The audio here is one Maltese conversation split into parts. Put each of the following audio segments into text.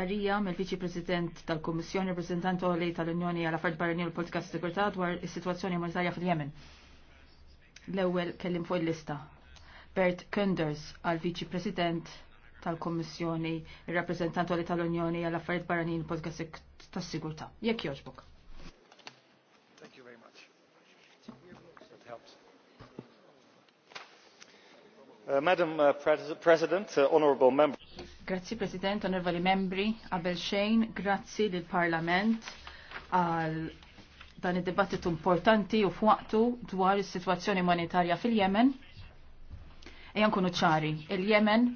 stqarrija mill-Viċi President tal-Kummissjoni Reprezentant Oli tal-Unjoni għal affarijiet Barranin u Politika Sigurtà dwar is-sitwazzjoni umanitarja fil-Yemen. L-ewwel kellim fuq il-lista. Bert Kunders għal Viċi President tal-Kummissjoni ir-Rappreżentant Oli tal-Unjoni għal affarijiet Barranin u Politika tas-Sigurtà. Jekk jogħġbok. Uh, Madam uh, Pres President, uh, honorable members. Grazzi President, onorevoli membri, qabel xejn, grazzi lil Parlament għal dan id-dibattitu importanti u f'waqtu dwar is-sitwazzjoni monetarja fil-Yemen. Ejan kunu ċari, il-Yemen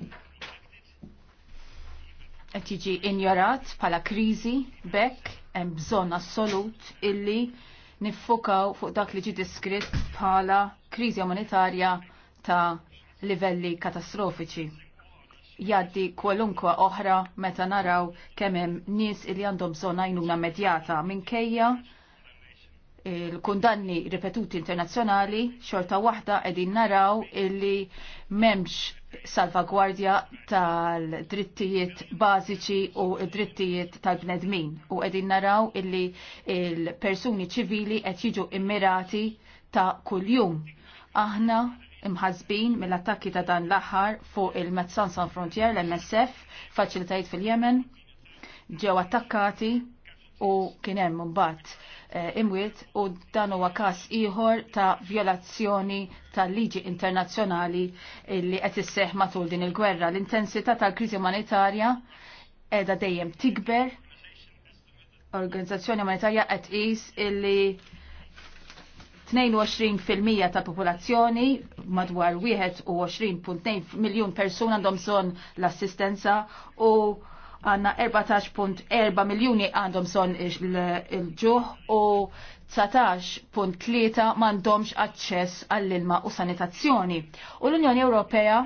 qed jiġi injorat bħala kriżi bekk hemm bżonn assolut illi niffokaw fuq dak li ġi diskritt bħala kriżi monetarja ta' livelli katastrofiċi jaddi kwalunkwa oħra meta naraw kemm hemm nies li għandhom bżonn għajnuna medjata kejja il-kundanni ripetuti internazzjonali xorta waħda qegħdin naraw illi m'hemmx salvagwardja tal-drittijiet bażiċi u drittijiet tal-bnedmin u qegħdin naraw illi il-persuni ċivili qed jiġu immirati ta' kuljum. Aħna imħazbin mill-attakki ta' dan l-aħħar fuq il-Mezzan San Frontier, l-MSF, faċilitajt fil-Jemen, ġew attakkati u kien hemm mbagħad eh, imwiet u dan huwa każ ieħor ta' violazzjoni tal-liġi internazzjonali li qed isseħħ matul din il-gwerra. L-intensità tal-kriżi umanitarja qiegħda dejjem tikber. Organizzazzjoni umanitarja qed qis illi 22% ta' popolazzjoni madwar 21.2 miljon persuna għandhom son l-assistenza u għanna 14.4 miljoni għandhom son il-ġuħ u 19.3 mandomx aċċess għall-ilma u sanitazzjoni. U l-Unjoni Ewropea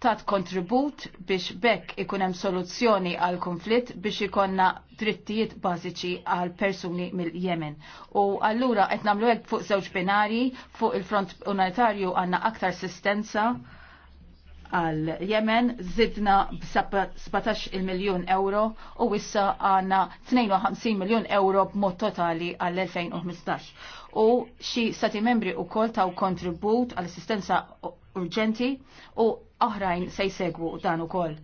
tat kontribut biex bekk ikun hemm soluzzjoni għal konflitt biex ikonna drittijiet bażiċi għal persuni mill-Yemen. U allura qed nagħmlu hekk fuq żewġ binari fuq il-front unitarju għandna aktar assistenza għal Yemen zidna b-17 il-miljon euro u wissa għanna 52 miljon euro b'mod totali għall-2015. U xi stati membri u kol taw kontribut għall-assistenza urġenti u oħrajn se jsegwu dan ukoll.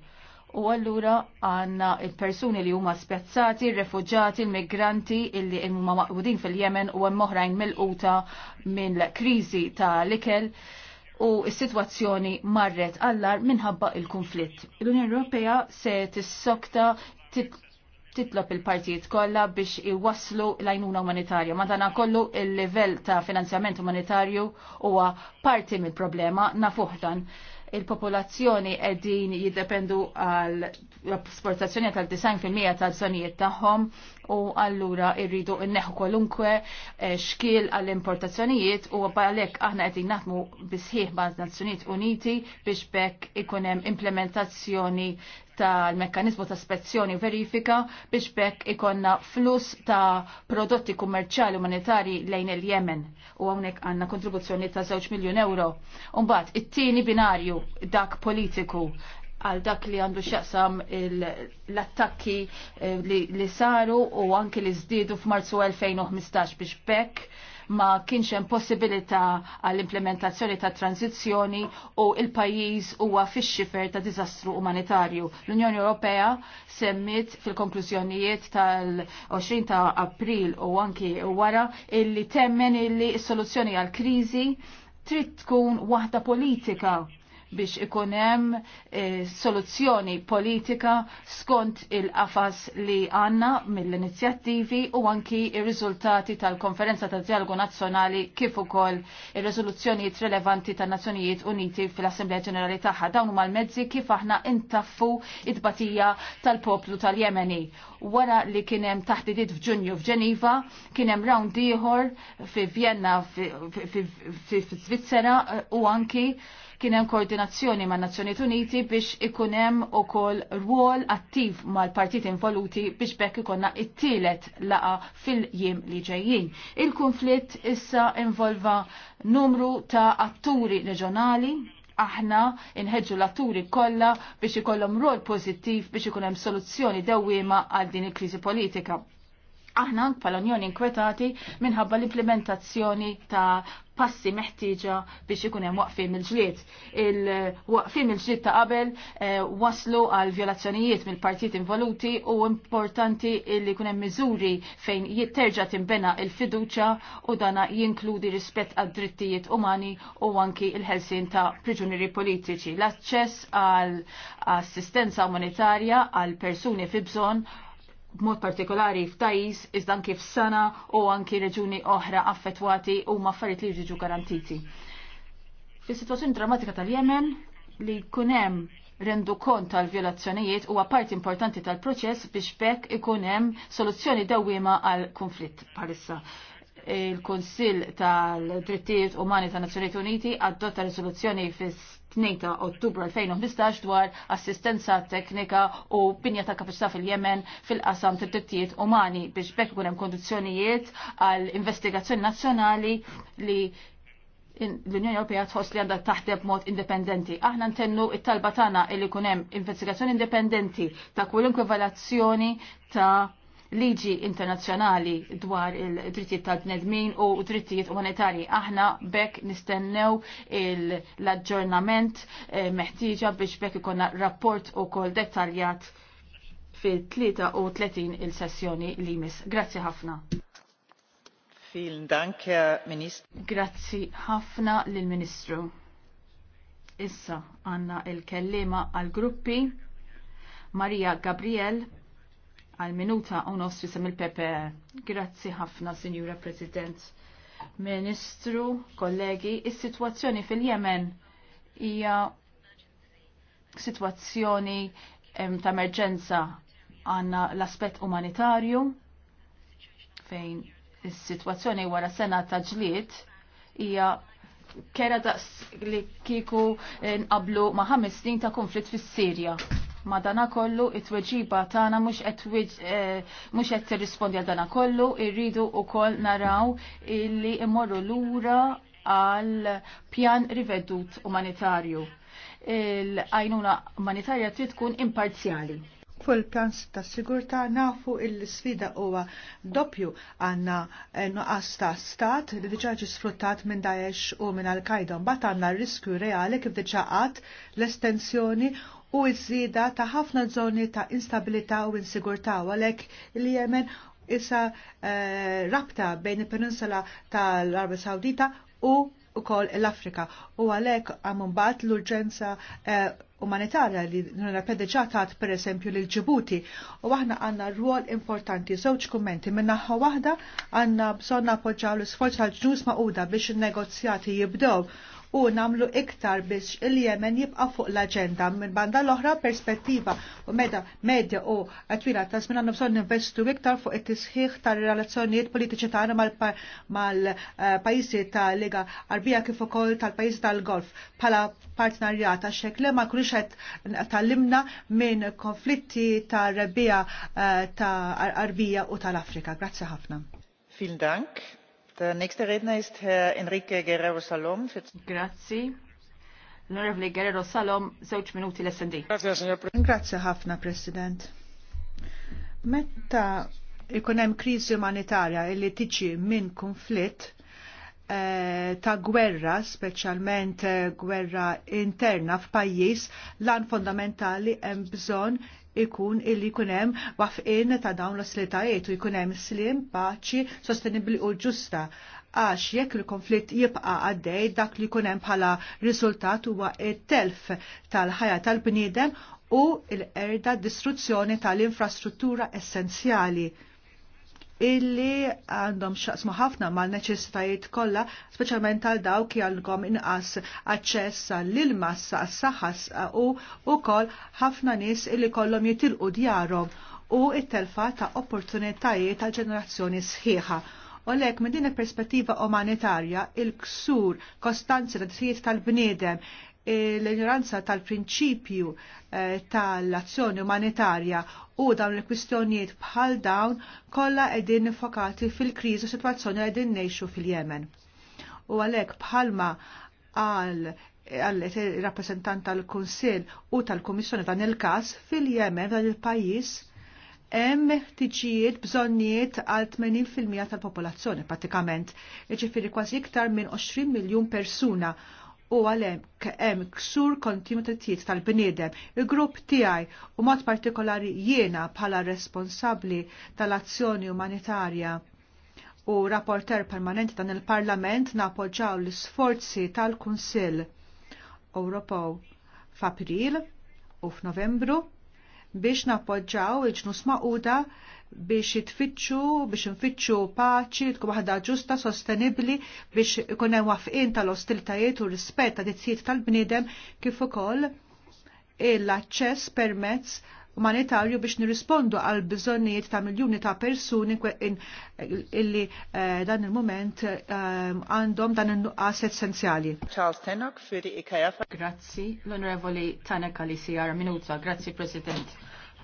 U allura għanna il-persuni li huma spezzati, il-refugġati, il-migranti illi huma maqbudin fil-Jemen u hemm oħrajn mill-quta mill-kriżi ta' l-ikel u s-sitwazzjoni marret allar minħabba il-konflitt. L-Unjoni Ewropea se tissokta titlob il-partijiet kollha biex iwasslu l-għajnuna umanitarja. Madana kollu il-livell ta' finanzjament umanitarju huwa parti mill-problema nafuħdan il-popolazzjoni edin jiddependu għal l-esportazzjoni tal-90% tal-sonijiet tagħhom u allura irridu inneħu kwalunkwe eh, xkiel għall-importazzjonijiet u għalhekk aħna qegħdin naħdmu bisħieħ ma' Nazzjonijiet Uniti biex bekk ikun hemm implementazzjoni tal-mekkanizmu ta' spezzjoni verifika biex bekk ikonna flus ta' prodotti kummerċali umanitari lejn il-Jemen u għawnek għanna kontribuzzjoni ta' 2 miljon euro. Umbat, it-tieni binarju dak politiku għal dak li għandu xaqsam l-attakki eh, li, li saru u anki li zdidu f'Marzu 2015 biex bekk ma kienx hemm possibilità għall-implementazzjoni ta' tranzizzjoni u il-pajjiż huwa fix-xifer ta' diżastru umanitarju. L-Unjoni Ewropea semmit fil-konklużjonijiet tal-20 ta' April u anki wara illi temmen illi s-soluzzjoni għall-kriżi trid tkun waħda politika biex ikunem eh, soluzzjoni politika skont il-qafas li għanna mill-inizjattivi u anki il-riżultati tal-konferenza ta' dialogu nazzjonali kif ukoll il-riżoluzzjonijiet rilevanti tan nazzjonijiet Uniti fil-Assembleja Ġenerali tagħha dawn huma l-mezzi kif aħna intaffu it-batija tal-poplu tal-Jemeni. Wara li kien hemm taħdidiet f'Ġunju f'Ġeniva, kien hemm rawn ieħor fi Vienna fi Svizzera eh, u anki kien hemm koordinazzjoni ma' Nazzjonijiet Uniti biex ikun hemm ukoll rwol attiv mal-partit involuti biex bekk ikonna it-tielet laqa fil-jiem li ġejjin. Il-konflitt issa involva numru ta' atturi reġjonali aħna inħedġu l-atturi kollha biex ikollhom rol pożittiv biex ikun hemm soluzzjoni dewwiema għal din il-kriżi politika aħna bħala Unjoni inkwetati minħabba l-implementazzjoni ta' passi meħtieġa biex ikun hemm waqfim il-ġlied. Il-waqfim il-ġlied ta' qabel eh, waslu għal violazzjonijiet mill-partijiet involuti u importanti li jkun hemm miżuri fejn jitterġa' timbena il-fiduċja u dana jinkludi rispett għad drittijiet umani u anki il-ħelsin ta' priġunieri politiċi. L-aċċess għal assistenza umanitarja għal persuni fi bżonn b'mod partikolari f'tajis, iżda anki f'sana u anki reġuni oħra affettwati u maffariet li jiġu garantiti. Fis-sitwazzjoni drammatika tal-Jemen li kunem rendu kont tal-violazzjonijiet huwa parti importanti tal-proċess biex bekk ikun hemm soluzzjoni dawwiema għal konflitt bħalissa il-Konsil tal-Drittijiet Umani ta' Nazzjonijiet Uniti adotta risoluzzjoni fis-2 ta' Ottubru 2015 dwar assistenza teknika u binja ta' kapista fil-Yemen fil-qasam tad drittijiet umani biex bekk ikun hemm kondizzjonijiet għal investigazzjoni nazzjonali li l-Unjoni Ewropea tħoss li għandha taħdem mod indipendenti. Aħna ntennu it-talba tagħna li jkun hemm investigazzjoni indipendenti ta' kulunkwe valazzjoni ta' liġi internazzjonali dwar il-drittijiet tal-bnedmin u drittijiet umanitarji. Aħna bekk nistennew l-aġġornament eh, meħtieġa biex bekk ikonna rapport u kol dettaljat fil-33 il-sessjoni li mis. Grazzi ħafna. Vielen Dank, Herr Grazzi ħafna lill-Ministru. Issa għanna il-kellima għal-gruppi Maria Gabriel għal minuta u nostri sem il pepe Grazzi ħafna, Signora President. Ministru, kollegi, is-sitwazzjoni fil-Jemen hija sitwazzjoni ta' emerġenza għanna l-aspett umanitarju fejn is-sitwazzjoni wara sena ta' ġlied hija kera daqs li kiku nqablu ma' ħames snin ta' konflitt fis-Sirja. Madanakollu it-tweġiba tagħna mhux qed eh, tirrispondi għal kollu. irridu wkoll naraw illi immorru lura għal pjan rivedut umanitarju. Il-għajnuna umanitarja trid tkun imparzjali. Kull pjans ta' sigurta nafu il-sfida huwa doppju għanna eh, nuqqas ta' stat li diġa ġi sfruttat minn Daesh u minn Al-Qaeda. Mbagħad għandna riskju reali kif diġa qatt l-estensjoni u iż-żieda ta' ħafna żoni ta' instabilità u insigurtà għalhekk li Yemen issa eh, rabta bejn il-peninsula tal-Arabia Sawdita u wkoll l-Afrika. U għalhekk għam mbagħad l-urġenza eh, umanitarja li n-rapedi ġatat per esempio l ġibuti u aħna għanna rwol importanti żewġ kummenti min-naħa waħda għanna bżonna appoġġaw l-sforz għal ġnus maquda biex il-negozjati jibdew u namlu iktar biex il-Jemen jibqa' fuq l agenda Minn banda l-oħra perspettiva u meda medja u għatwila ta' żmien għandna bżonn investu iktar fuq it-tisħiħ tal-relazzjonijiet politiċi tagħna mal-pajjiżi eh, ta' Liga Arbija kif ukoll tal-pajjiżi tal-Golf bħala partnerjat għax hekk ma kunux qed tallimna minn konflitti eh, ta' rebbija ta' Arbija u tal-Afrika. Grazzi ħafna. Vielen Dank. Äh, Grazzi. L-Onorevoli Guerrero Salom, żewġ minuti l-SND. Grazie ħafna, President. Metta hemm kriżi umanitarja li tiġi minn konflitt, eh, ta' gwerra, speċjalment eh, gwerra interna f'pajjiż, lan fondamentali hemm bżonn ikun illi kunem wafqin ta' dawn l-oslitajiet u jkunem slim, paċi, sostenibli u ġusta għax jekk il-konflitt jibqa għaddej dak li kunem bħala riżultat huwa telf tal-ħajja tal-bniedem u l-erda distruzzjoni tal-infrastruttura essenzjali illi għandhom xaqsmu ħafna mal neċessitajiet kollha, speċjalment għal dawk għandhom inqas aċċess għall-ilma s-saħħas u wkoll ħafna nies illi kollom jitilqu djarhom u it-telfa ta' opportunitajiet ta' ġenerazzjoni sħiħa. U lek minn din il-perspettiva umanitarja, il-ksur, kostanzi l tal-bniedem, l-ignoranza tal-prinċipju eh, tal-azzjoni umanitarja u dawn il-kwistjonijiet bħal dawn kollha qegħdin nifokati fil-kriżi u sitwazzjoni li qegħdin ngħixu fil-Yemen. U għalhekk bħalma għal għallet il-rappresentant tal kunsill u tal-Komissjoni dan il-kas fil yemen dan il pajjiż hemm tiġijiet bżonnijiet għal 80% tal-popolazzjoni pratikament, jiġifieri kważi iktar minn 20 miljun persuna u għalhekk hemm ksur kontinu tal-bniedem. Il-grupp tiegħi u mod partikolari jiena bħala responsabbli tal-azzjoni umanitarja u rapporter permanenti dan il-Parlament napoġġaw l-sforzi tal-Kunsill Ewropew f'April u f'Novembru biex nappoġġaw il-ġnus maquda biex jitfittxu, biex nfittxu paċi, tkun waħda ġusta, sostenibli, biex ikun hemm wafqin tal-ostiltajiet u rispett ta' dizzijiet tal-bniedem kif ukoll l-aċċess permezz umanitarju biex nirrispondu għal bżonnijiet ta' miljuni ta' persuni illi eh, dan il-moment eh, għandhom dan il-nuqqas essenzjali. Charles Tenok, Firi IKF. Grazzi, l-Onorevoli Tanaka li sijar minuta. Grazzi, President.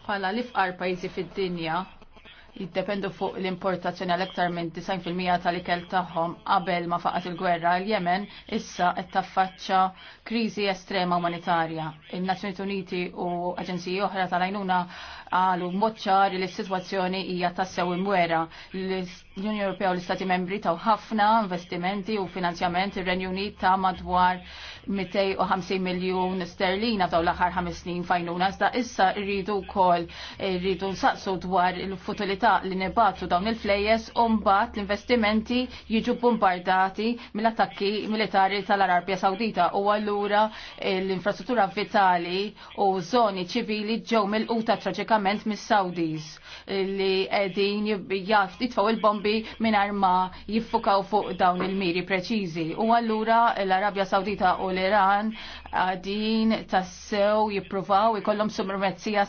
Pala l-ifqar pajzi fid-dinja jiddependu fuq l-importazzjoni għal ektar minn 90% tal-ikel tagħhom qabel ma faqat il-gwerra l jemen issa qed taffaċċa kriżi estrema umanitarja. Il-Nazzjoni Uniti u aġenziji oħra tal-għajnuna għalu moċċar li s-sitwazzjoni hija tassew imwera. L-Unjoni Ewropea u l-Istati Membri taw ħafna investimenti u finanzjament ir-Renju Unit ta' madwar 250 miljon sterlina taw l-aħħar ħames snin fajnuna. Iżda issa rridu wkoll rridu nsaqsu dwar il-futilità possibilità li nibatlu dawn il-flejjes umbat l-investimenti jiġu bombardati mill-attakki militari tal-Arabja Sawdita u allura l-infrastruttura vitali u żoni ċivili ġew mill-quta traġikament mis saudis li qegħdin jitfgħu il-bombi mingħajr ma jiffukaw fuq dawn il-miri preċiżi. U allura l-Arabja Sawdita u l-Iran għadin tassew jippruvaw ikollhom sumrmezzija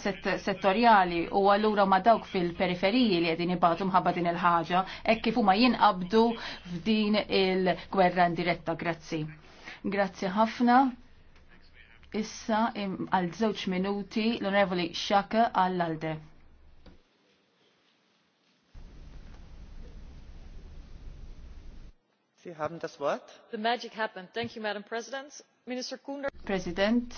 settorjali u allura ma dawk fil-periferiji li għadin ibatu mħabba din il-ħaġa hekk kif huma jinqabdu f'din il-gwerra indiretta. Grazzi. Grazzi ħafna. Issa għal żewġ minuti l-Onorevoli Xaka għall-Alde. Sie haben das Wort. The magic happened. Thank you, Madam President Minister Kunder. President,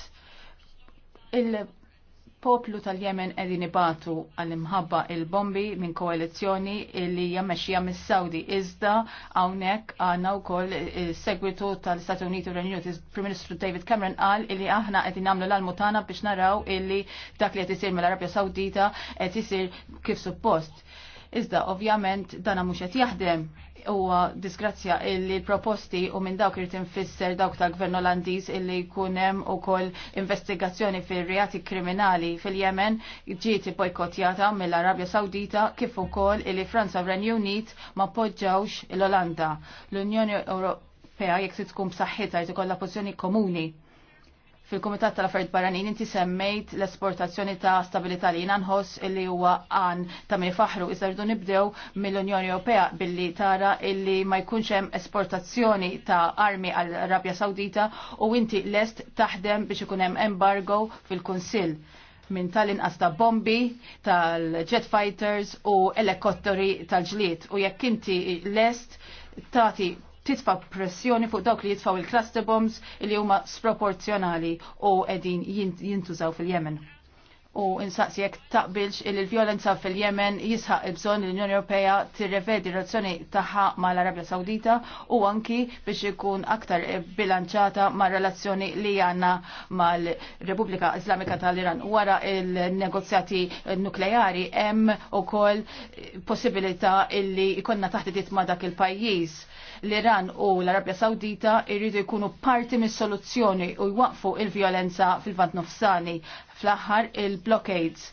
il-poplu tal-Jemen edin ibatu għal-imħabba il-bombi minn koalizjoni li jammexxija mis saudi Iżda hawnhekk għandna wkoll segwitu tal-Stati Uniti u Renjuti. Prim Ministru David Cameron qal illi aħna qed nagħmlu l-almutana biex naraw illi dak li qed isir mill-Arabja Sawdita qed isir kif suppost Iżda ovvjament dana mhux qed jaħdem huwa disgrazzja illi proposti u minn dawk irid infisser dawk tal-Gvern Olandiż illi jkun hemm ukoll investigazzjoni fir-reati kriminali fil-Yemen ġiet bojkotjata mill-Arabja Sawdita kif ukoll illi Franza u Renju Unit ma poġġawx l-Olanda. L-Unjoni Ewropea jekk tkun b'saħħitha jrid ikollha pożizzjoni komuni fil-Kumitat tal-Affarijiet Barranin inti semmejt l-esportazzjoni ta' stabilità li jiena nħoss illi huwa għan ta' min faħru iżda rridu nibdew mill-Unjoni Ewropea billi tara illi ma jkunx hemm esportazzjoni ta' armi għal Arabja Sawdita u inti lest taħdem biex ikun hemm embargo fil-Kunsill minn tal-inqas ta' bombi, tal-jet fighters u elekotteri tal-ġlied. U jekk inti lest tati titfa pressjoni fuq dawk li jitfaw il-cluster bombs li huma sproporzjonali u edin jintużaw fil-Jemen u insaqsi jek taqbilx il-violenza fil-Jemen jisħaq il-bżon l-Unjoni Ewropea tirrevedi taħħa tagħha mal-Arabja Sawdita u anki biex ikun aktar bilanċata ma' relazzjoni li għandna mal-Repubblika Islamika tal-Iran. Wara il-negozjati nukleari hemm ukoll possibilità illi ikonna taħt ma' dak il-pajjiż l-Iran u l-Arabja Sawdita irridu jkunu parti mis-soluzzjoni u jwaqfu il-vjolenza fil-vant nofsani fl-aħħar il-blockades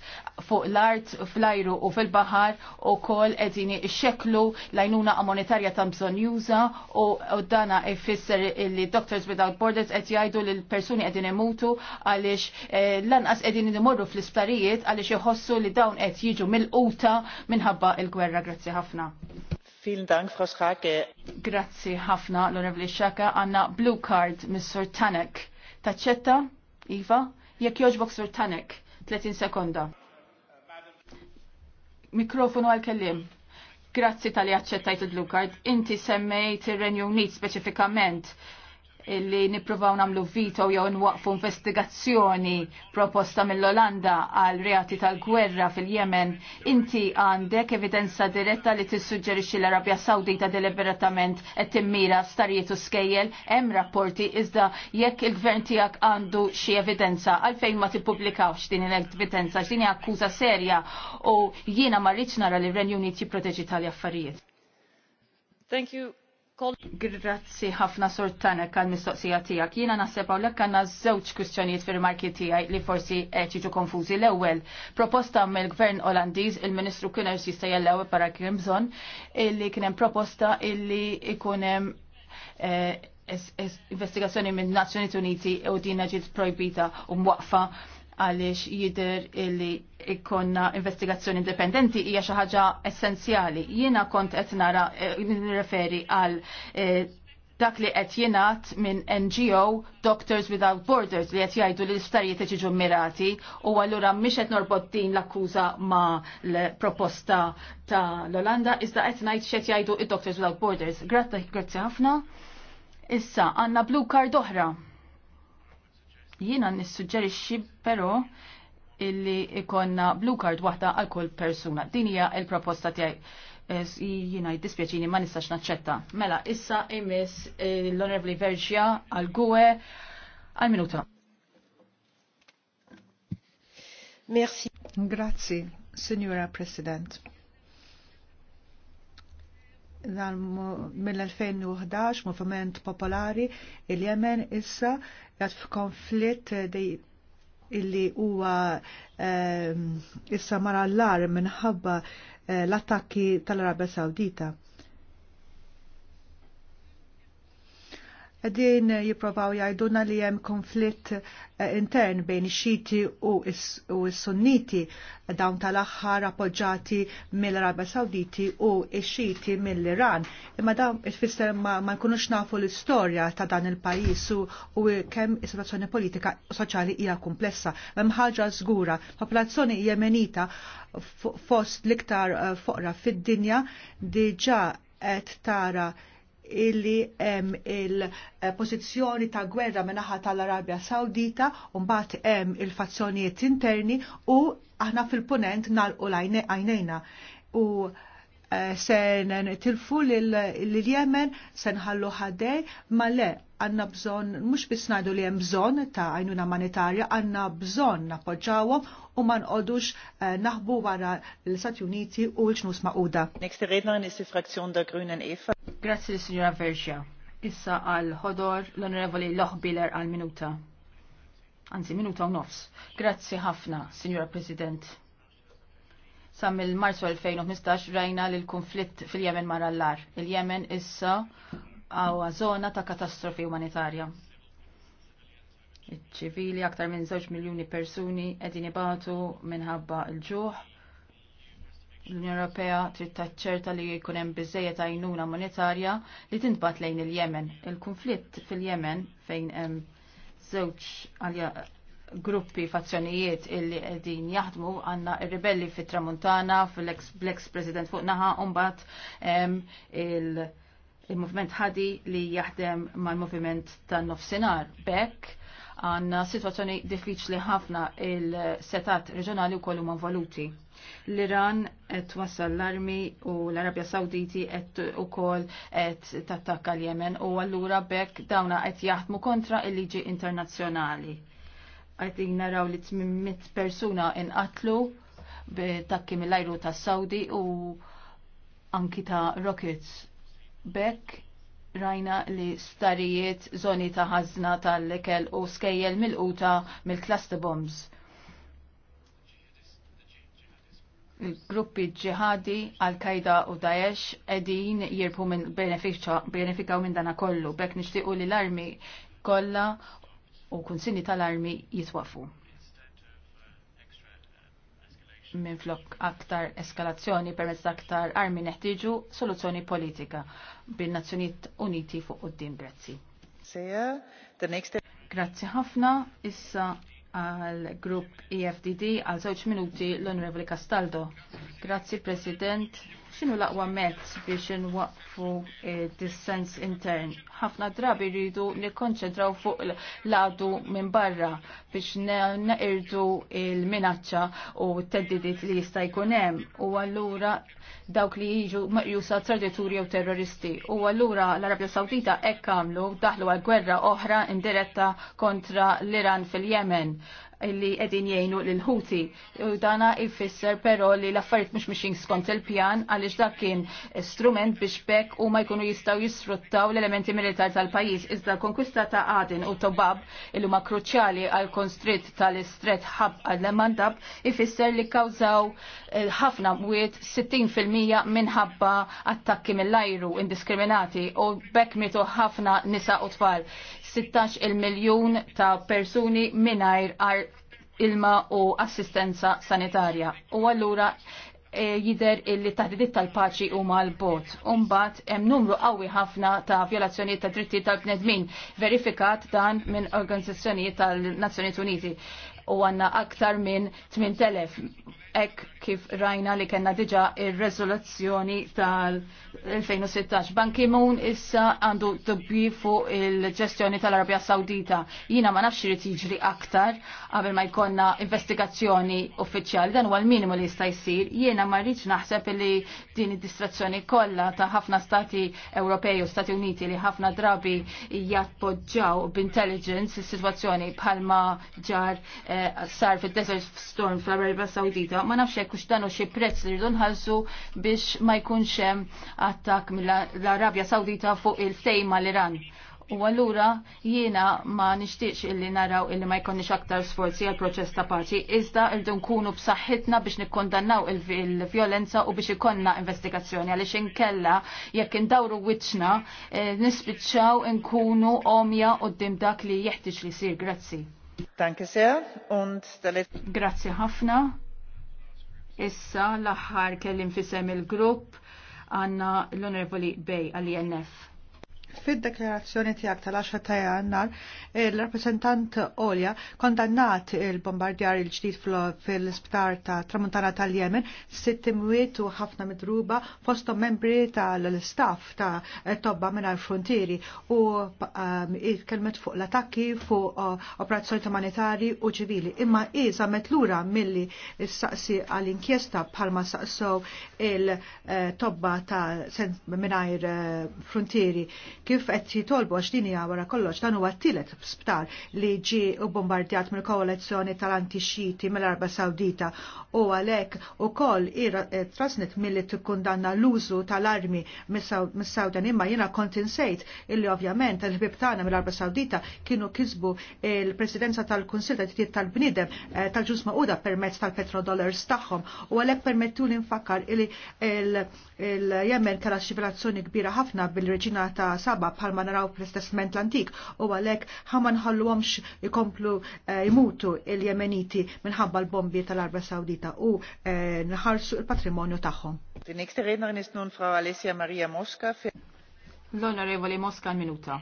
fuq l-art, fl-ajru u fil-bahar u kol edini xeklu lajnuna monetarja ta' bżon juża u dana ifisser li Doctors Without Borders qed jgħidu li l-persuni qegħdin imutu għaliex eh, lanqas qegħdin nimorru fl-isptarijiet għaliex iħossu li dawn qed jiġu mill-quta minħabba il-gwerra. Grazzi ħafna. Vielen Dank, Frau Schake. Grazzi ħafna, l-Onorevoli Anna blue card, Mr. Tanek. Taċċetta, Iva? Jekk joġbok Sir Tanek, 30 sekonda. Mikrofonu għal-kellim. Grazzi tal-li għacċettajt il-blue card. Inti semmejt il-Renju Unit specifikament li niprovaw namlu vito jew nwaqfu investigazzjoni proposta mill-Olanda għal reati tal-gwerra fil yemen inti għandek evidenza diretta li tissuġġerixxi l-Arabja Sawdita deliberatament qed timmira starijiet u skejjel hemm rapporti iżda jekk il-gvern tiegħek għandu xi evidenza għalfejn ma tippubblikawx din l-evidenza x'din hija akkuża serja u jiena ma rridx nara li r-Renju Unit jipproteġi tal-affarijiet. Thank you. Grazzi ħafna sortanek għal mistoqsija tijak. Jina nasib lekk għanna zewċ kustjoniet fir marki tijaj li forsi ċiġu konfuzi. l ewwel proposta mill gvern Olandiz, il-ministru kiener jistajja jellaw ewel para Krimzon, illi kienem proposta illi ikunem eh, investigazzjoni minn Nazzjoni Uniti u din ġiet projbita u mwaqfa għaliex jider illi ikkonna investigazzjoni indipendenti hija xi ħaġa essenzjali. Jiena kont qed nara eh, nirreferi għal eh, dak li qed jingħad minn NGO Doctors Without Borders li qed jgħidu li l-isptarijiet jiġu mirati u allura mhix qed norbod din l-akkuża ma' l-proposta ta' l-Olanda iżda qed ngħid x'qed jgħidu id-Doctors Without Borders. Grazzi ħafna. Issa għandna blue card oħra. Jiena nissuġġerixxi però illi ikonna blue card waħda għal kull persuna. Din hija l-proposta tiegħi. Eh, Jina jiddispjaċini ma nistax naċċetta. Mela, issa imis eh, l-Onorevoli Verġja għal Gwe għal minuta. Merci. Grazie, Signora President mill-2011 movement popolari il-Jemen issa jgħat f'konflitt illi huwa ehm, issa mara l-lar minħabba eh, l-attakki tal-Arabia Sawdita. din jipprovaw jajduna li jem konflitt eh, intern bejn xiti u s-sunniti dawn tal-axħar appoġġati mill-Arabja Sawditi u xiti mill-Iran. Imma dawn il fisser ma, nkunux nafu l-istorja ta' dan il-pajis u, u kemm is-situazzjoni politika u soċjali hija komplessa. Hemm ħaġa żgura, popolazzjoni jemenita fost l-iktar eh, foqra fid-dinja diġà qed tara illi hemm il-pożizzjoni ta' gwerra minaħa tal-Arabja Sawdita u mbagħad hemm il-fazzjonijiet interni u aħna fil-punent nalqu għajnejna. U Eh, se tilfu l-Jemen se nħallu ħaddej, ma le għanna bżon, mux bis najdu li hemm bżon ta' għajnuna manitarja, għanna bżon napoġġawhom u ma nqodux eh, naħbu wara l-Stati Uniti u l-ġnus maquda. Nächste Rednerin is die Fraktion da Grünen Eva. Grazie, signora Vergia. Issa għal ħodor l-Onorevoli Loħbiller għal minuta. Anzi, minuta u nofs. Grazie ħafna, signora President. Sa mill-Marzu 2015 rajna li l-konflitt fil-Jemen mar Il-Jemen issa għaw zona ta' katastrofi umanitarja. Iċ-ċivili aktar minn 2 miljoni persuni edin ibatu minħabba l-ġuħ. L-Unjoni Ewropea trid taċċerta li jkun hemm biżejjed għajnuna monetarja li tintbat lejn il-Jemen. Il-konflitt fil-Jemen fejn hemm żewġ gruppi fazzjonijiet illi din jaħdmu għanna il-ribelli fit tramuntana fil-ex president fuq naħa umbat il- il-movement ħadi li jaħdem mal-movement tan nofsinar bekk għanna situazzjoni diffiċli ħafna il-setat reġjonali u kollu valuti. L-Iran qed wassal l-armi u l-Arabja Sawditi qed ukoll qed tattakka l-Yemen u allura bekk dawna qed jaħdmu kontra il-liġi internazzjonali għajtin naraw li 800 persuna inqatlu takki mill-ajru ta' Saudi u anki ta' rockets. Bekk rajna li starijiet zoni ta' ħazna tal-lekel u skejjel mill-quta mill-cluster bombs. Il-gruppi ġihadi, al kajda u Daesh edin jirpu minn benefikaw minn dana kollu. Bekk nishtiqu li l-armi kolla u sinni tal-armi jitwafu. Minn flok aktar eskalazzjoni permezz aktar armi neħtieġu soluzzjoni politika bin-Nazzjonijiet Uniti fuq quddiem grazzi. Grazzi ħafna, issa għal grupp EFDD għal żewġ minuti l-Onorevoli Castaldo. Grazzi President xinu laqwa mezz biex nwaqfu eh, dissens intern. ħafna drabi rridu nikkonċentraw fuq l-għadu minn barra biex naqirdu il-minaccia u t-teddidiet li jista' jkun hemm u allura dawk li jiġu maqjusa tradituri u terroristi. U allura l-Arabja Sawdita hekk għamlu daħlu għal gwerra oħra indiretta kontra l-Iran fil-Yemen li edin jgħinu l-ħuti. U dana ifisser però li l-affarijiet mhux mixin skont il-pjan għaliex dak kien strument biex bekk u ma jkunu jistgħu jisfruttaw l-elementi militar tal-pajjiż. Iżda l-konkista ta' Aden u Tobab il huma kruċjali għal konstritt tal-istret ħab għal mandab ifisser li kawżaw eh, ħafna mwiet 60% minħabba attakki mill-ajru indiskriminati u bekk mitu ħafna nisa u tfal. 16 il-miljun ta' persuni minajr ilma u assistenza sanitarja. U allura E, jider illi taħdidit tal-paċi u mal-bot. Umbat, hemm numru qawwi ħafna ta' violazzjoni ta' dritti tal-bnedmin, verifikat dan minn organizzazzjonijiet tal-Nazzjoniet Uniti u għanna aktar minn 8000. Ek kif rajna li kena diġa il-rezoluzzjoni tal-2016. Ban Kimun issa għandu dubbi fuq il-ġestjoni tal-Arabja Saudita. Jina ma nafx irid jiġri aktar qabel ma jkonna investigazzjoni uffiċjali. Dan huwa l-minimu li jista' jsir. Jiena ma rridx naħseb li din id-distrazzjoni kollha ta' ħafna stati Ewropej u Stati Uniti li ħafna drabi jappoġġaw b'intelligence is-sitwazzjoni bħalma ġar Eh, sar fil desert Storm fl-Arabia Sawdita, ma nafx hekk danu xi prezz li rridu nħallsu biex ma jkunx hemm attakk mill-Arabja Sawdita fuq il fejn mal-Iran. U allura jiena ma nixtieqx illi naraw illi ma jkunniex aktar sforzi għal proċess ta' paċi, iżda rridu nkunu b'saħħitna biex nikkondannaw il-vjolenza u biex ikonna investigazzjoni għaliex inkella jekk indawru wiċċna eh, nispiċċaw nkunu omja qudiem dak li jeħtieġ li jsir. Grazzi. Grazie ħafna. Issa l-aħħar kellim fisem il-grupp għanna l-Onorevoli Bej għal-INF. Fid-deklarazzjoni tiegħek tal-10 ta' jannar, il-rappresentant Olja kondannat il-bombardjar il-ġdid fil-isptar ta' Tramuntana tal-Jemen, sitt imwiet u ħafna midruba fostom membri tal-staff ta' Tobba mingħajr frontieri u um, kelmet fuq l-attakki fuq uh, operazzjoni umanitari u ċivili. Imma iża metlura milli s-saqsi għall-inkjesta bħalma saqsow il-Tobba uh, ta' mingħajr uh, frontieri kif qed jitolbu għax din hija wara kollox dan huwa t-tielet sptar li ġi bombardjat mill-koalizzjoni tal antixiti mill-Arba Sawdita u għalhekk ukoll eh, trasnet milli tikkundanna l-użu tal-armi mis-Sawdan imma jiena kont insejt illi ovvjament il-ħbib tagħna mill-Arba Sawdita kienu kisbu il-Presidenza tal-Kunsill tat-Titiet tal-Bniedem eh, tal-Ġus Maquda permezz tal-petrodollars tagħhom u għalhekk permettu li nfakkar illi il jemen kara xi kbira ħafna bil-reġina ta' saba ma naraw fl-istessment l-antik u għalek ħaman ħallu għomx jikomplu jimutu eh, il-Jemeniti minħabba l-bombi tal-Arba Saudita u eh, nħarsu il-patrimonju taħħom. Die nächste Rednerin ist nun Alessia Maria Mosca. L'onorevole Mosca al minuta.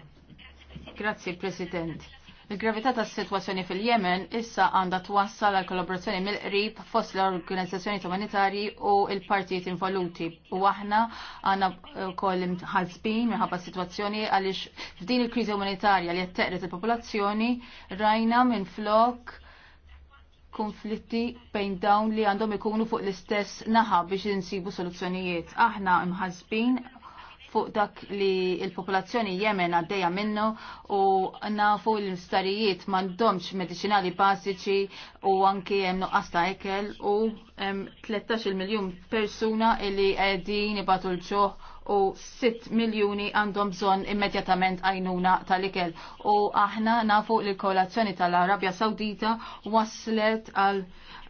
Grazie President Il-gravità tas situazzjoni fil-Jemen issa għandha twassal għal kollaborazzjoni mill-qrib fost l-organizzazzjoni umanitarji u l-partijiet involuti. U aħna għandna wkoll imħalsbin minħabba situazzjoni għaliex f'din il-kriżi umanitarja li qed teqret il-popolazzjoni rajna minn flok konflitti bejn dawn li għandhom ikunu fuq l-istess naħa biex insibu soluzzjonijiet. Aħna imħalsbin fuq dak li il-popolazzjoni Jemen għaddeja minnu u nafu l-istarijiet mandomx medicinali basiċi u anki jem nuqqas ta' ekel u 13 miljon persuna li għedin ibatu l-ġoħ u 6 miljoni għandhom bżon immedjatament għajnuna tal-ikel. U aħna nafu li kolazzjoni tal-Arabja Sawdita waslet għal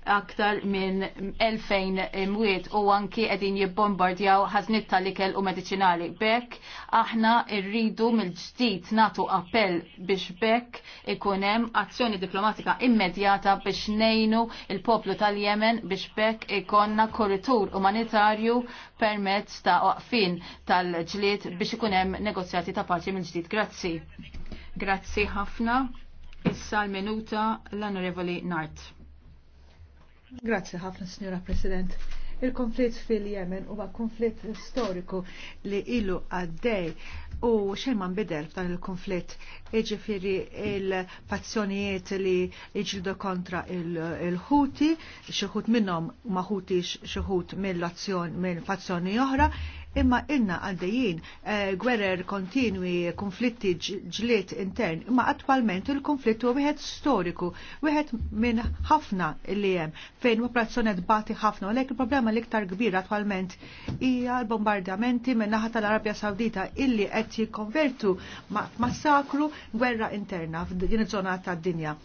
aktar minn 2000 imwiet u anki edin jibbombardjaw ħaznit tal-ikel u medicinali. Bekk aħna irridu mill-ġdid natu appell biex bekk ikunem azzjoni diplomatika immedjata biex nejnu il-poplu tal-Jemen biex bekk ikonna korritur umanitarju permezz ta' waqfin tal-ġlied biex ikunem negozjati ta' paċi mill-ġdid. Grazzi. Grazzi ħafna. Issa l-minuta l anorevoli Nart. Grazie ħafna, Signora President. Il-konflitt fil-Jemen huwa konflitt storiku li ilu għaddej u xejn ma nbidel f'dan il-konflitt. Iġifieri il fazzjonijiet li jiġildu kontra il-Ħuti, xi ħut minnhom ma ħutix xi ħut mill-azzjoni mill-fazzjoni oħra, imma inna għaddejjin eh, gwerer kontinwi, konflitti ġliet intern, imma attualment il konflittu wieħed storiku, wieħed minn ħafna li hemm fejn operazzjoniet bati ħafna, għalhekk il-problema l-iktar kbir attualment hija l-bombardamenti minn naħa tal-Arabja Sawdita illi qed jikkonvertu massakru gwerra interna f'din iż-żona tad-dinja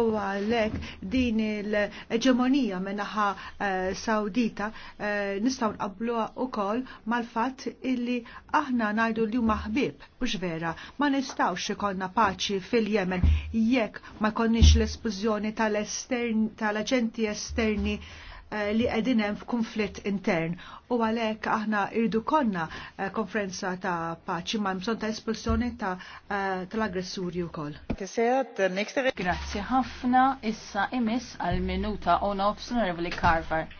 u għalhekk din il-eġemonija minnaħa eh, Sawdita eh, nistgħu nqabluha wkoll mal-fatt illi aħna ngħidu li maħbib ħbieb mhux vera ma nistgħux ikollna paċi fil-Yemen jekk ma konniex l-espużjoni tal-aġenti esterni tal Eh, li qegħdin hemm f'kunflitt intern. U għalhekk aħna irdu konna eh, konferenza ta' paċi ma' mson ta' espulsjoni ta' eh, tal-aggressuri wkoll. Grazzi ħafna issa imiss għal minuta u nofs Nervli Carver.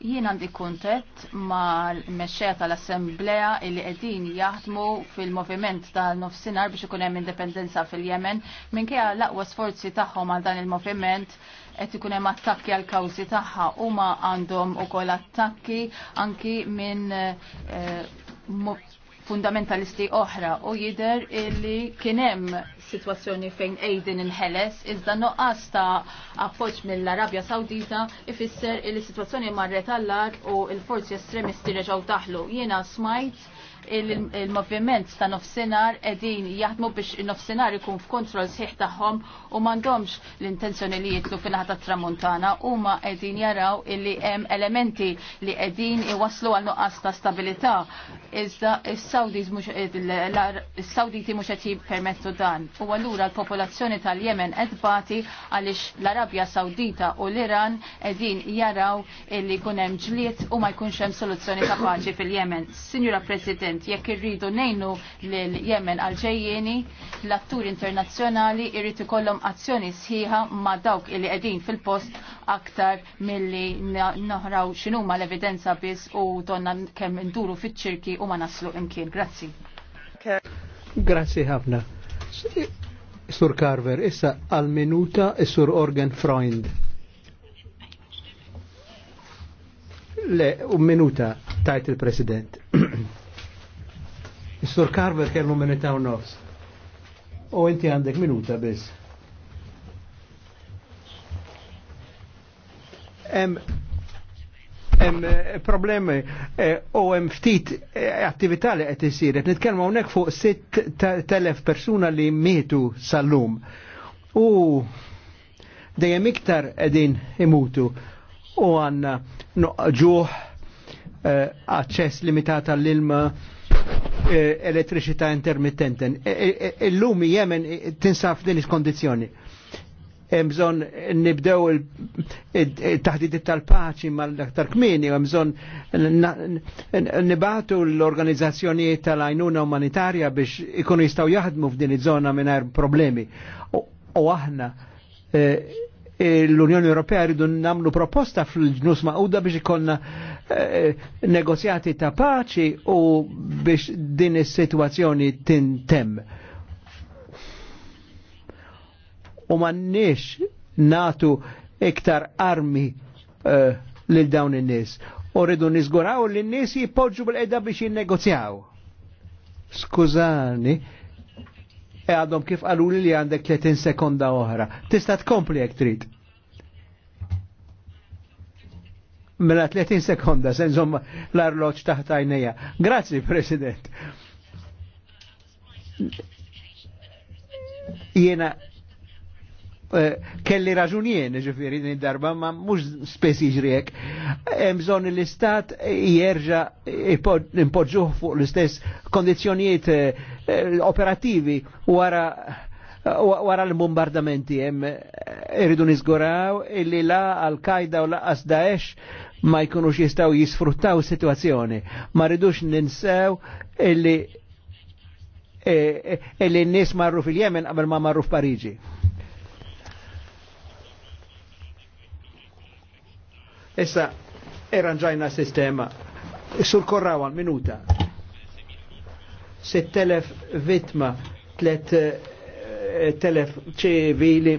Jien għandi kuntet mal-mexxejja tal-Assemblea li qegħdin jaħdmu fil-moviment tal-nofsinhar biex ikun hemm indipendenza fil-Yemen minkejja l-aqwa sforzi tagħhom għal dan il-moviment qed ikun hemm attakki għal kawżi tagħha huma għandhom ukoll attakki anki minn eh, fundamentalisti oħra u jider illi hemm sitwazzjoni fejn Aiden inħeles iżda noqqas ta' appoġġ mill-Arabja Sawdita ifisser illi sitwazzjoni marret allar u l forzi estremisti reġgħu taħlu. Jiena smajt il-moviment ta' nofsinar edin jaħdmu biex nofsinar ikun f'kontrol sħiħ tagħhom u m'għandhomx l-intenzjoni li jitlu fil-ħata tramuntana huma edin jaraw illi hemm elementi li qegħdin iwaslu għal nuqqas ta' stabilità. Iżda is-Sawdis sawditi mhux qed jippermettu dan. U allura l-popolazzjoni tal-Yemen qed bati għaliex l-Arabja Sawdita u l-Iran qegħdin jaraw illi jkun hemm ġlied u ma jkunx hemm soluzzjoni ta' paċi fil-Yemen. Sinjura President, President, jekk irridu nejnu l-Jemen għalġejjeni, l-atturi internazzjonali irrid ikollhom azzjoni sħiħa ma' dawk li qegħdin fil-post aktar milli naħraw x'inhuma l-evidenza biss u donna kemm induru fiċ-ċirki u ma naslu imkien. Grazzi. Grazzi ħafna. Sur Carver, issa għal-minuta Sur Organ Freund. Le, un minuta, tajt il-President. Is-Sur Carver kellu minuta u nofs. U inti għandek minuta biss. hemm eh, problemi u eh, hemm ftit eh, attività li qed isir. Qed nitkellmu hawnhekk fuq 6000 persuna li mietu sal-lum. U dejjem iktar qegħdin imutu u għandna ġuħ aċċess limitat għall-ilma Eh, elettriċità intermittenten. Illum e, e, e, Jemen tinsaf din is-kondizzjoni bżon nibdew il eh, eh, taħdid tal-paċi mal-aktar kmini, bżonn nibatu l-organizzazzjonijiet tal-ajnuna umanitarja biex ikunu jistaw jaħdmu f'din iż-żona mingħajr problemi. U aħna l-Unjoni Ewropea rridu namlu proposta fil-ġnus maquda biex ikonna Eh, negozjati ta' paċi u biex din is-sitwazzjoni tintemm. U m'għandniex natu iktar armi uh, lil dawn in-nies. U rridu niżguraw li n-nies jipoġġu bil-qeda biex jinnegozjaw. Skużani, e għadhom kif qalu li għandek 30 sekonda oħra. Tista' tkompli jekk trid. mela 30 sekonda, sen zomma l-arloċ taħt għajnija. Grazzi, President. Jena eh, kelli raġunien, ġifiri, din darba, ma mux spesi ġriek. Mżon l-istat jerġa impoġuħ fuq l-istess kondizjonijiet eh, operativi wara wara l-bombardamenti irridu nizguraw illi la Al-Qaida u laqas Daesh ma jkunux jistaw jisfruttaw situazzjoni. Ma rridux ninsew illi e, e, illi n-nis marru fil-Jemen qabel ma marru f'Pariġi. Issa, irranġajna sistema. Sur korrawan, minuta. 6.000 vitma, 3.000 eh, ċivili,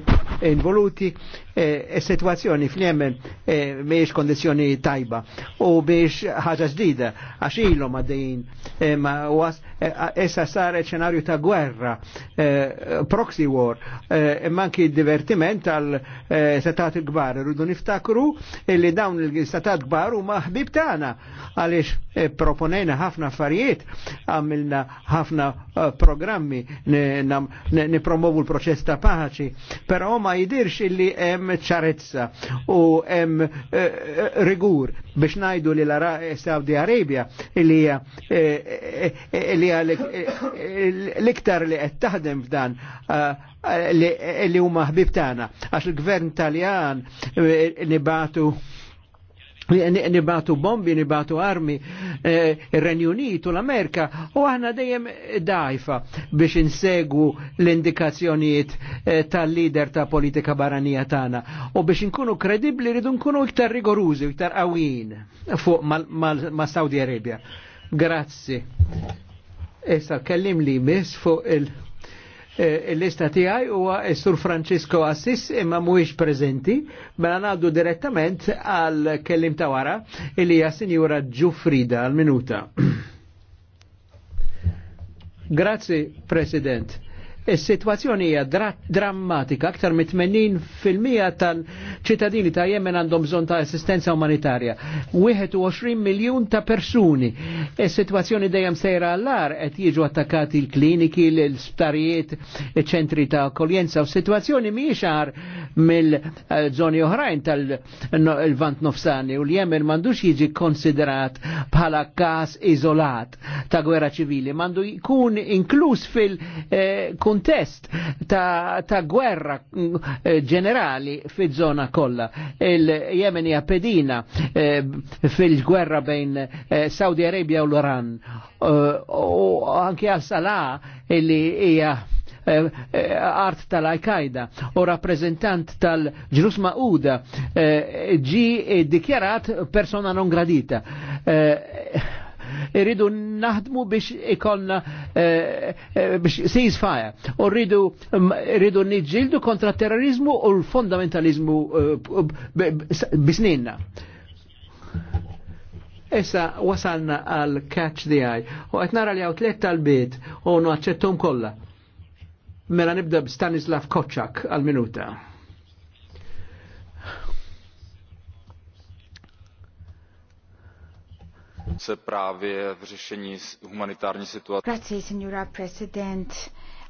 involuti Eh, eh, situazzjoni fl-Jemen eh, miex kondizjoni tajba u biex ħaġa ġdida għax ilu maddejn ma was essa sar ċenarju ta' gwerra proxy war imma anki divertiment għal statat gbar rridu niftakru li dawn il-setat gbar u maħbib tagħna għaliex proponejna ħafna affarijiet għamilna ħafna programmi nipromovu l-proċess ta' paċi però ma jidirx illi hemm hemm ċarezza u hemm eh, eh, rigur biex najdu li l-Saudi eh, Arabia li hija li l-iktar li qed taħdem f'dan li huma ħbib tagħna għax il-gvern Taljan nibatu nibatu bombi, nibatu armi e, il-Renju Unit u l-Amerika u aħna dejjem dajfa biex insegu l-indikazzjonijiet e, tal-lider ta' politika barranija tagħna u biex nkunu kredibli ridu nkunu iktar rigorużi, iktar għawin fuq ma', Saudi Arabia. Grazzi. Issa kellim li miss fuq il- Eh, l-lista tiegħi huwa s-Sur Francisco Assis imma mhuwiex preżenti, mela ngħaddu direttament għal kellim ta' wara li hija Sinjura Ġufrida għal minuta. Grazzi, President. Is-sitwazzjoni hija drammatika, aktar mit 80% tal-ċittadini ta' Yemen għandhom bżonn ta' assistenza umanitarja. 21 miljun ta' persuni. Is-sitwazzjoni dejjem sejra għallar qed jiġu attakati l-kliniki, l-sptarijiet, iċ-ċentri ta' akkoljenza u sitwazzjoni mhijiex għar mill-żoni oħrajn tal-vant nofsani u l jemen m'għandux jiġi konsiderat bħala każ iżolat ta' gwerra ċivili, m'għandu jkun inkluż fil- eh, f'kuntest ta', ta gwerra mm, eh, ġenerali fi zona kolla. Il-Yemen hija pedina eh, fil-gwerra bejn eh, Saudi Arabia u l-Iran. Eh, u anke għal sala illi hija eh, art tal-Al-Qaeda u rappresentant tal-ġlus Mauda ġi dikjarat persona non gradita. Irridu naħdmu biex ikonna biex ceasefire. U rridu niġġildu kontra terrorizmu u l-fundamentalizmu bisninna. Issa wasalna għal catch the eye. U għet nara li għaw tlet tal-bit u naċċettum kolla. Mela nibda b'Stanislav Koċak għal-minuta. Se právě v řešení humanitární situace. Grazie, signora President.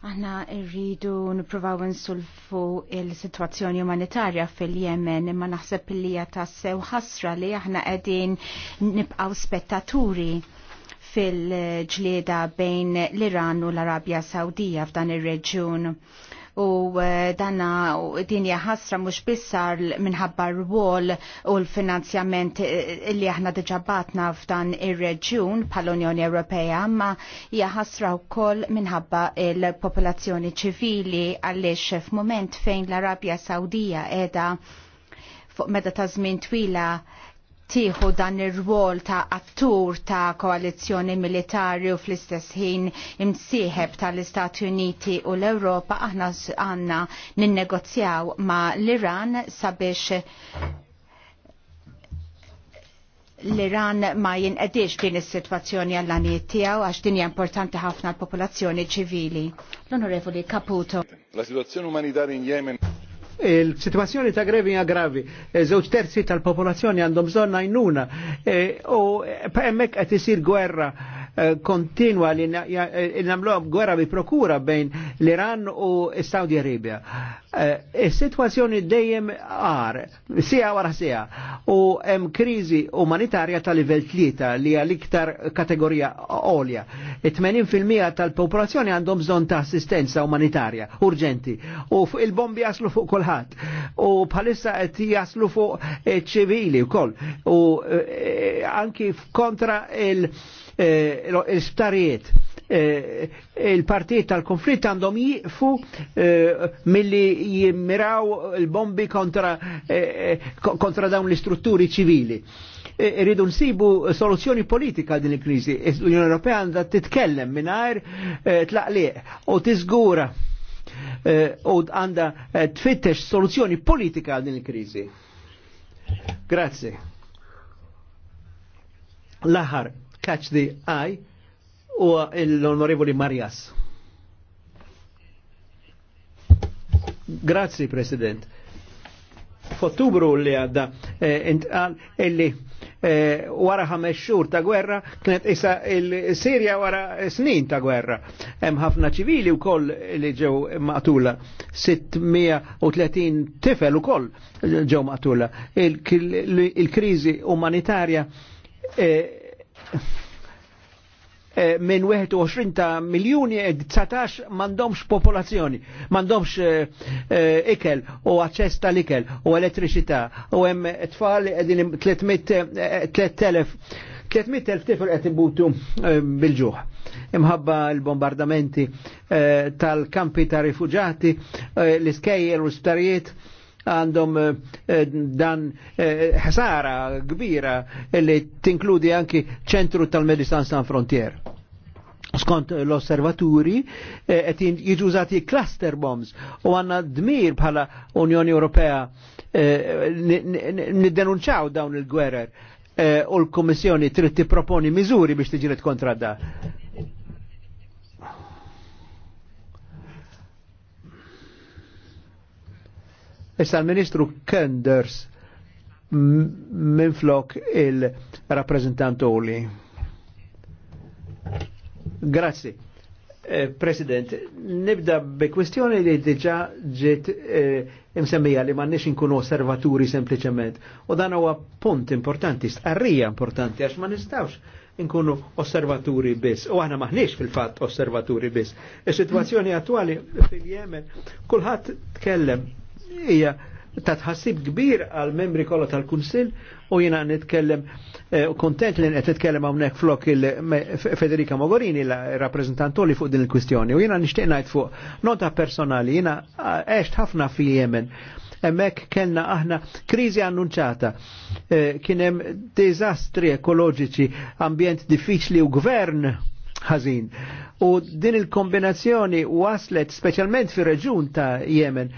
Aħna rridu nipruvaw insulfu il-situazzjoni umanitarja fil-Jemen imma naħseb li ta' sew ħasra li aħna qegħdin nibqgħu spettaturi fil-ġlieda bejn l-Iran u l-Arabja Sawdija f'dan ir-reġjun u eh, danna dinja ħasra mux bissar minħabba r-wol u l-finanzjament eh, li aħna diġabatna f'dan ir-reġjun pal-Unjoni Ewropea ma hija ħasra wkoll minħabba il-popolazzjoni ċivili għaliex f'mument fejn l-Arabja Sawdija qiegħda fuq meta ta' żmien twila tieħu dan ir-rwol ta' attur ta' koalizzjoni militari u fl-istess ħin imsieħeb tal-Istati Uniti u l-Ewropa aħna għandna ninnegozjaw ma' l-Iran sabiex l-Iran ma jinqedix din is-sitwazzjoni għall għanijiet tiegħu għax din hija importanti ħafna l-popolazzjoni ċivili. L-Onorevoli Caputo. La situazzjoni umanitarja in Yemen Il-situazzjoni ta' grevi hija gravi. E, Żewġ terzi tal-popolazzjoni għandhom bżonn jnuna, e, u hemmhekk qed isir gwerra kontinwa eh, eh, li namlu gwerra bi prokura bejn l-Iran u Saudi Arabia. Eh, is-sitwazzjoni dejjem għar, sija għara sija, u hemm krizi umanitarja tal livell tlieta li għal iktar kategorija olja. 80% tal-popolazzjoni għandhom bżon ta' assistenza umanitarja urġenti u il-bombi jaslu fuq kolħat, u bħalissa qed jaslu fuq ċivili u wkoll u anki kontra il- Eh, l-isptarijiet eh, il-partijiet tal-konflitt għandhom jiqfu eh, milli jimmiraw il-bombi kontra, dawn l-istrutturi ċivili. Irridu nsibu soluzzjoni politika din il-krizi. L-Unjoni Ewropea għandha titkellem mingħajr tlaqliq u tiżgura u għandha tfittex soluzzjoni politika din il-krizi. Grazie. l Catch the Eye u l-Onorevoli Marias. Grazie, President. F'Ottubru li għadda eh, intqal illi eh, wara ħames xhur ta' gwerra kienet isa il-Sirja wara snin ta' gwerra. Hemm ħafna ċivili wkoll li ġew maqtula. 630 tifel ukoll ġew maqtula. Il-kriżi umanitarja eh, Eh, minn 21 ta' miljuni 19 e mandomx popolazzjoni, mandomx eh, eh, ikel u aċċess tal-ikel u elettricità u hemm tfal edin 300 300.000 tifel qed ibutu eh, bil-ġuħ. Imħabba l-bombardamenti tal-kampi ta' rifuġati, l-iskejjel u l-isptarijiet għandhom eh, eh, dan eh, ħsara kbira li tinkludi anki ċentru tal medisan San Frontier. Skont l-osservaturi, jiġu jiġużati cluster bombs u għanna dmir bħala Unjoni Ewropea niddenunċaw dawn il-gwerer u l-Komissjoni trid tipproponi miżuri biex tiġiret kontra da. Issa l-Ministru Kenders minflok il-rappresentant Oli. Grazzi. Eh, President, nibda bi kwestjoni li diġa ġiet imsemmija eh, li nix nkunu osservaturi sempliciment. U dan huwa punt importanti, starrija importanti, għax ma nistawx nkunu osservaturi biss. U aħna maħniex fil-fatt osservaturi biss. Is-sitwazzjoni attuali fil-Jemen, kulħadd tkellem hija ta' tħassib kbir għal membri kollha tal-Kunsill u jiena nitkellem u eh, kontent li qed nitkellem hawnhekk flok il-Federica Mogorini la rappreżentant li fuq din il-kwistjoni u jiena nixtieq ngħid fuq nota personali jiena eh, għext ħafna fi Yemen. Hemmhekk kellna aħna kriżi annunċata. Eh, kien hemm diżastri ekoloġiċi, ambjent diffiċli u gvern ħażin. U din il-kombinazzjoni waslet speċjalment fir reġun ta' Yemen,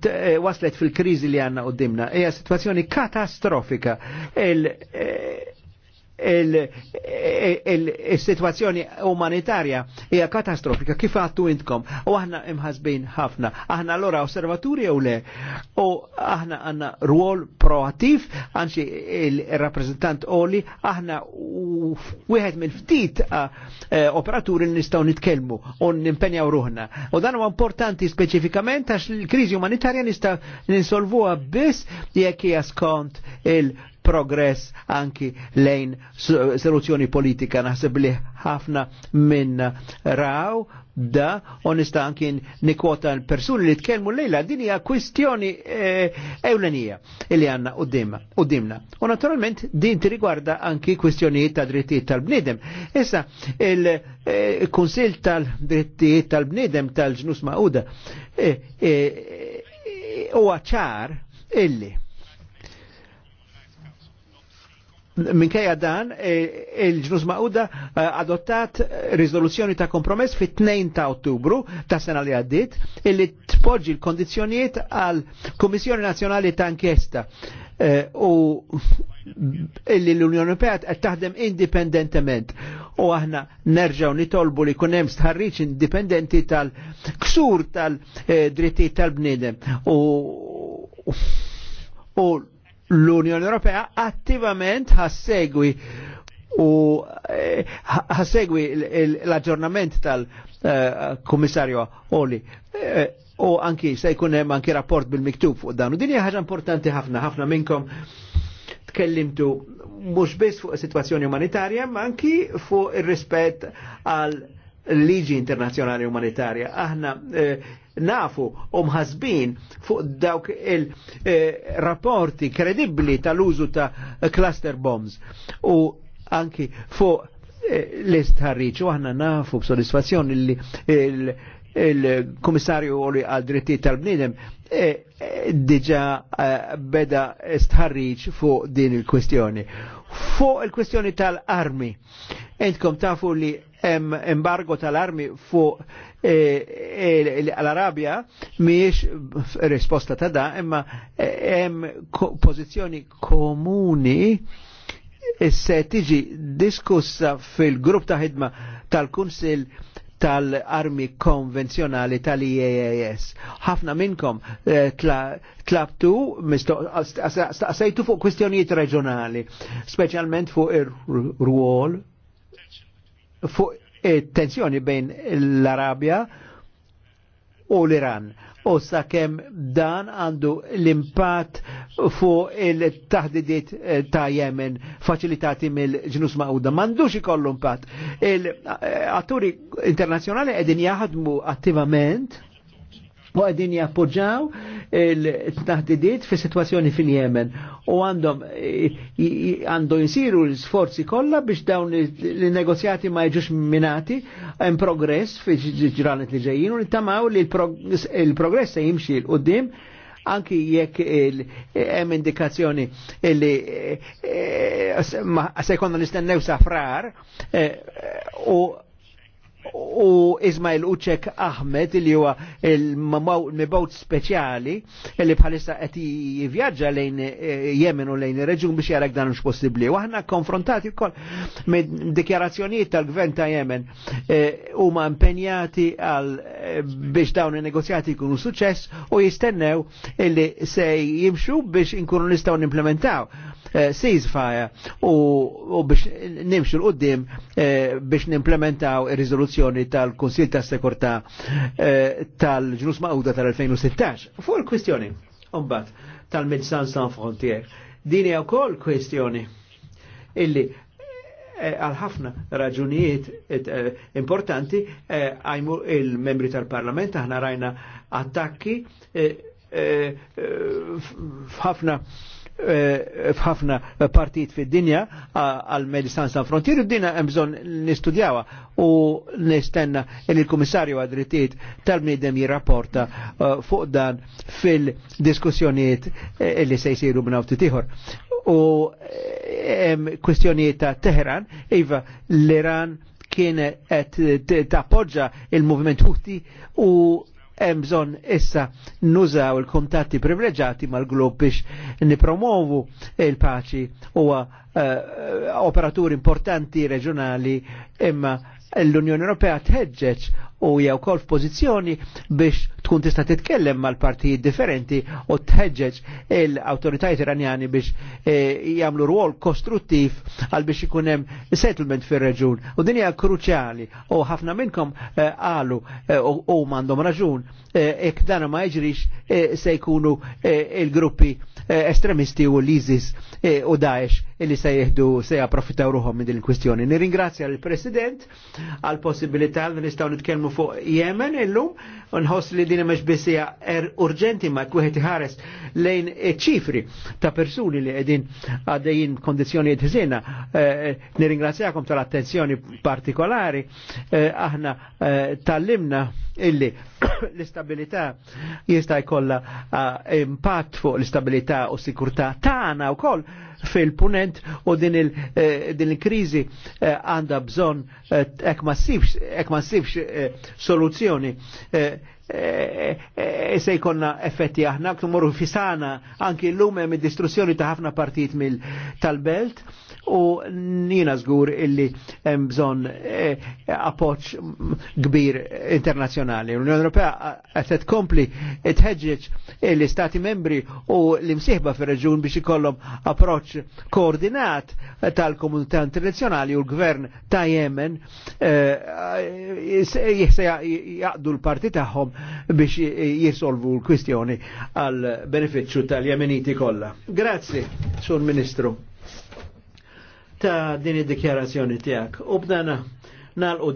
eh, waslet fil-kriżi li għanna u dimna. Eja situazzjoni katastrofika. Eh, il-situazzjoni umanitarja hija katastrofika kif għattu intkom u aħna imħazbin ħafna. Aħna l-ora osservaturi u le u aħna għanna ruol proattiv għanxi il-rappresentant Oli aħna wieħed minn ftit eh, eh, operaturi li nistgħu nitkellmu u nimpenjaw ruħna. U dan u importanti specifikament għax il krizi umanitarja nista' ninsolvuha biss jekk hija skont il- progress anki lejn soluzzjoni politika naħseb li ħafna minn raw da onesta anki nikwota l-persuni li tkellmu lejla din hija kwistjoni eh, ewlenija illi u dimna. U naturalment din tirigwarda anki kwistjonijiet ta' drittijiet tal-bniedem. Issa il-Kunsil eh, tal-Drittijiet tal-Bniedem tal-Ġnus Mauda eh, huwa ċar illi Minkejja dan, e, il-ġnus Mauda e, adottat rizoluzzjoni ta' kompromess fit-2 ta' ottubru ta' sena li għaddit, illi tpoġġi l-kondizjonijiet għal Komissjoni Nazjonali ta' Inkjesta e, u illi l-Unjoni Europea qed taħdem indipendentement u aħna nerġaw nitolbu li kunem stħarriċ indipendenti tal-ksur tal-dritti tal-bnidem u u l-Unjoni Ewropea attivament ħassegwi u eh, ħassegwi l-aġġornament tal-Kummissarju eh, Oli eh, u anki se jkun hemm anki rapport bil-miktub fuq dan. U din hija ħaġa importanti ħafna, ħafna minnkom tkellimtu mhux biss fuq is-sitwazzjoni umanitarja, ma anki fuq ir-rispett għal liġi internazzjonali umanitarja. Aħna eh, nafu u mħasbin fuq dawk il-rapporti kredibbli tal-użu ta' cluster bombs u anki fuq eh, l ħarriċ u aħna nafu b'sodisfazzjoni li il-komissarju li għal dritti tal-bnidem eh, eh, diġa beda stħarriċ fuq din il-kwestjoni. Fuq il-kwestjoni tal-armi, entkom tafu li embargo tal-armi fuq E, e, l-Arabja miex risposta ta' da, imma hemm e, pożizzjoni komuni se tiġi diskussa fil-grupp ta' ħidma tal-Kunsil tal-armi konvenzjonali tal-IAAS. ħafna minnkom tlabtu, għasajtu fuq kwistjonijiet reġjonali, specialment fuq ir-ruol, fuq tensjoni bejn l-Arabja u l-Iran. U sakem dan għandu l-impat fuq il-taħdidiet eh, ta' Yemen faċilitati mill-ġnus ma'uda. Mandux ikollu impat. Il-atturi eh, internazjonali għedin jaħdmu attivament u għadin jappoġaw il-taħdidiet fi situazzjoni fil-Jemen u għandhom għandu jisiru l-sforzi kollha biex dawn l-negozjati ma jġux minati hemm progress fi ġranet li ġejjin u nittamaw li il progress se jimxi l-qoddim anki jekk hemm indikazzjoni li eh, eh, se jkollna nistennew safrar. Eh, u u Ismail Uċek Ahmed li huwa il-mibawt speċjali li bħalissa qed jivjaġġa lejn eh, Yemen u lejn ir-reġjun biex jarek dan mhux possibbli. U aħna konfrontati wkoll mid dikjarazzjonijiet tal-Gvern ta' Yemen eh, huma impenjati għal eh, biex dawn in-negozjati jkunu suċċess u jistennew li se jimxu biex inkunu nistgħu nimplementaw ceasefire u biex nimxu l qudiem biex nimplementaw ir-riżoluzzjoni rizoluzzjoni tal-Konsil ta' Sekurta eh, tal-ġnus ma'uda tal-2016. Fuq il-kwistjoni, umbat, tal-Medsan San Frontier. dini hija kol kwistjoni illi eh, għal ħafna raġunijiet eh, importanti għajmu il-membri tal-parlament, aħna rajna attakki f'ħafna Eh, f'ħafna partit fid-dinja għal Medicine San Frontier u dinja hemm bżonn nistudjawha u nistenna li l-Kummissarju għad-drittijiet tal-bniedem jirrapporta eh, fuq dan fil-diskussjonijiet eh, li se jsiru b'nawti tieħor. U hemm kwestjonijiet ta' Teheran, iva l-Iran kien qed tappoġġa il-movement Houthi u hemm bżonn issa nużaw il kontatti privileġġati mal-glob biex nipromovu il-paċi u eh, operaturi importanti reġjonali imma l-Unjoni Ewropea tħeġġeġ u jew kol f'pożizzjoni biex tkun tista' titkellem mal-partijiet differenti u tħeġġeġ l-awtoritajiet iranjani biex eh, jagħmlu rwol kostruttiv għal biex ikun hemm settlement fir-reġun. U din hija kruċjali u ħafna minnkom eh, qalu eh, u m'għandhom raġun ek dan ma jiġrix se jkunu il-gruppi estremisti u l-ISIS u Daesh li se jihdu se japprofittaw ruħom minn din il-kwistjoni. Nirringrazzja l-President għal possibilità li nistgħu nitkellmu nitkellmu fuq Yemen illum, nħoss li din mhux bisija er urġenti ma kwieħed ħares lejn ċifri ta' persuni li qegħdin għaddejjin kondizzjonijiet ħżiena. Eh, nirringrazzjakom tal-attenzjoni partikolari, eh, aħna eh, tal-limna illi l-istabilità jista' jkollha ah, impatt fuq l-istabilità u sikurtà tagħna wkoll fil-punent u din eh, il-kriżi eh, għandha bżonn eh, hekk ma ssibx soluzzjoni se jkonna effetti aħna, kumorru fisana anki l-lum hemm id-distruzzjoni ta' ħafna partijiet tal-belt u jina zgur illi hemm bżonn eh, appoġġ kbir internazzjonali. L-Unjoni Ewropea eh, qed tkompli tħeġġeġ l-Istati membri u l-imsieħba fir-reġun biex ikollhom approċċ koordinat tal-komunità internazzjonali u l-gvern ta' Yemen eh, jaqdu l-parti tagħhom biex jisolvu l-kwistjoni għal beneficju tal-Jemeniti kollha. Grazzi, Sur Ministru ta' din id-dikjarazzjoni tiegħek. U bdana nalqu